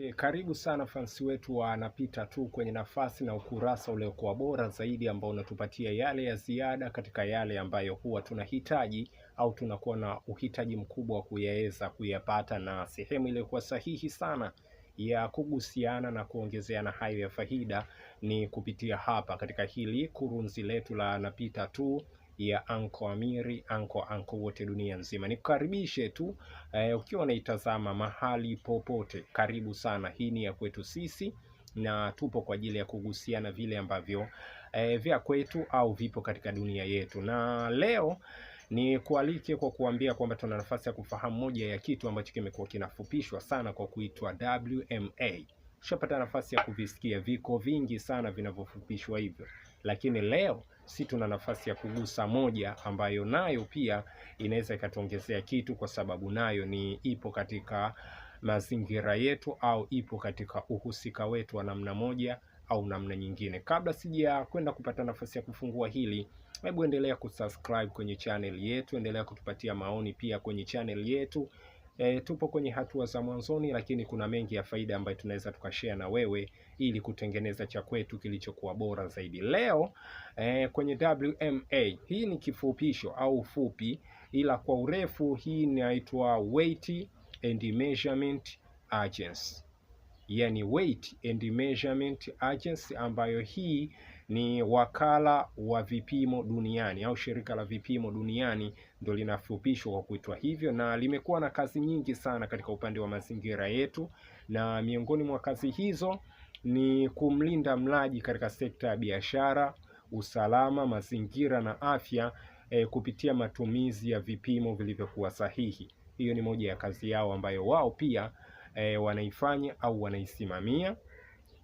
Okay, karibu sana fansi wetu wa napita tu kwenye nafasi na ukurasa uliokuwa bora zaidi ambao unatupatia yale ya ziada katika yale ambayo huwa tunahitaji au tunakuwa na uhitaji mkubwa wa kuyaweza kuyapata, na sehemu iliyokuwa sahihi sana ya kugusiana na kuongezeana hayo ya faida ni kupitia hapa katika hili kurunzi letu la napita tu ya Anko Amiri, Anko Anko wote dunia nzima. Nikukaribishe tu eh, ukiwa unaitazama mahali popote, karibu sana. Hii ni ya kwetu sisi na tupo kwa ajili ya kugusiana vile ambavyo eh, vya kwetu au vipo katika dunia yetu, na leo ni kualike kwa kuambia kwamba tuna nafasi ya kufahamu moja ya kitu ambacho kimekuwa kinafupishwa sana kwa kuitwa WMA. Ushapata nafasi ya kuvisikia, viko vingi sana vinavyofupishwa hivyo, lakini leo si tuna nafasi ya kugusa moja ambayo nayo pia inaweza ikatuongezea kitu, kwa sababu nayo ni ipo katika mazingira yetu au ipo katika uhusika wetu wa namna moja au namna nyingine. Kabla sija kwenda kupata nafasi ya kufungua hili, hebu endelea kusubscribe kwenye channel yetu, endelea kutupatia maoni pia kwenye channel yetu. E, tupo kwenye hatua za mwanzoni, lakini kuna mengi ya faida ambayo tunaweza tukashare na wewe ili kutengeneza cha kwetu kilichokuwa bora zaidi. Leo e, kwenye WMA hii ni kifupisho au fupi, ila kwa urefu hii inaitwa Weight and Measurement Agency yani Weight and Measurement Agency, ambayo hii ni wakala wa vipimo duniani au shirika la vipimo duniani ndio linafupishwa kwa kuitwa hivyo, na limekuwa na kazi nyingi sana katika upande wa mazingira yetu, na miongoni mwa kazi hizo ni kumlinda mlaji katika sekta ya biashara, usalama, mazingira na afya e, kupitia matumizi ya vipimo vilivyokuwa sahihi. Hiyo ni moja ya kazi yao ambayo wao pia e, wanaifanya au wanaisimamia.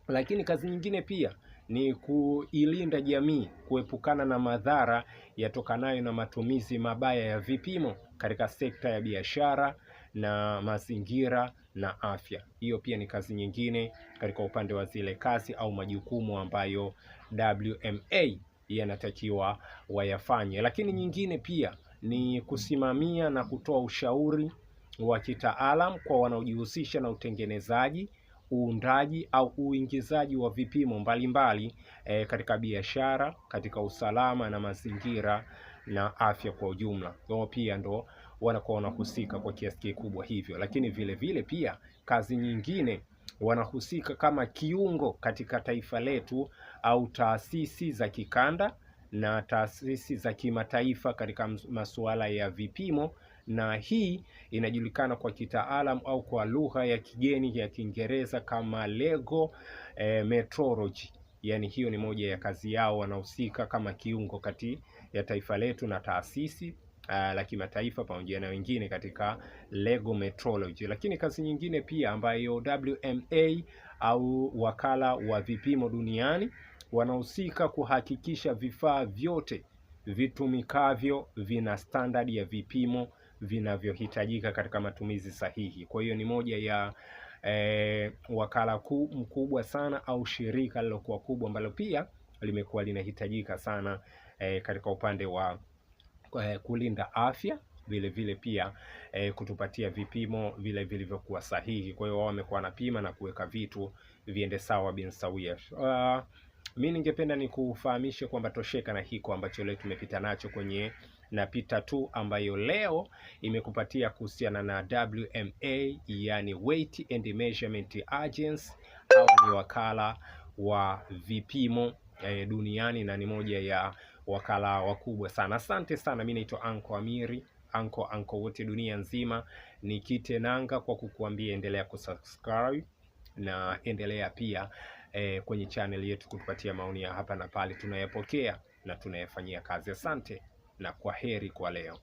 Lakini kazi nyingine pia ni kuilinda jamii kuepukana na madhara yatokanayo na matumizi mabaya ya vipimo katika sekta ya biashara na mazingira na afya. Hiyo pia ni kazi nyingine katika upande wa zile kazi au majukumu ambayo WMA yanatakiwa wayafanye. Lakini nyingine pia ni kusimamia na kutoa ushauri wa kitaalam kwa wanaojihusisha na utengenezaji, uundaji au uingizaji wa vipimo mbalimbali e, katika biashara, katika usalama na mazingira na afya kwa ujumla. Wao pia ndo wanakuwa wanahusika kwa kiasi kikubwa hivyo, lakini vile vile pia kazi nyingine wanahusika kama kiungo katika taifa letu au taasisi za kikanda na taasisi za kimataifa katika masuala ya vipimo na hii inajulikana kwa kitaalam au kwa lugha ya kigeni ya Kiingereza kama lego e, metrology. Yani hiyo ni moja ya kazi yao, wanahusika kama kiungo kati ya taifa letu na taasisi Uh, la kimataifa pamoja na wengine katika lego metrology, lakini kazi nyingine pia ambayo WMA au wakala wa vipimo duniani wanahusika kuhakikisha vifaa vyote vitumikavyo vina standard ya vipimo vinavyohitajika katika matumizi sahihi. Kwa hiyo ni moja ya e, wakala kuu mkubwa sana au shirika lilokuwa kubwa ambalo pia limekuwa linahitajika sana e, katika upande wa e, kulinda afya vile vile pia e, kutupatia vipimo vile vilivyokuwa sahihi. Kwa hiyo wao wamekuwa wanapima na kuweka vitu viende sawa bin sawia. Uh, mimi ningependa nikufahamishe kwamba tosheka na hiko ambacho leo tumepita nacho kwenye na pita tu ambayo leo imekupatia kuhusiana na WMA, yani Weight and Measurement Agency. Hawa ni wakala wa vipimo eh, duniani na ni moja ya wakala wakubwa sana. Asante sana, mimi naitwa Anko Amiri anko anko wote dunia nzima, nikite nanga kwa kukuambia endelea kusubscribe na endelea pia eh, kwenye channel yetu kutupatia maoni ya hapa na pale, tunayapokea na tunayafanyia kazi. Asante na kwaheri kwa leo.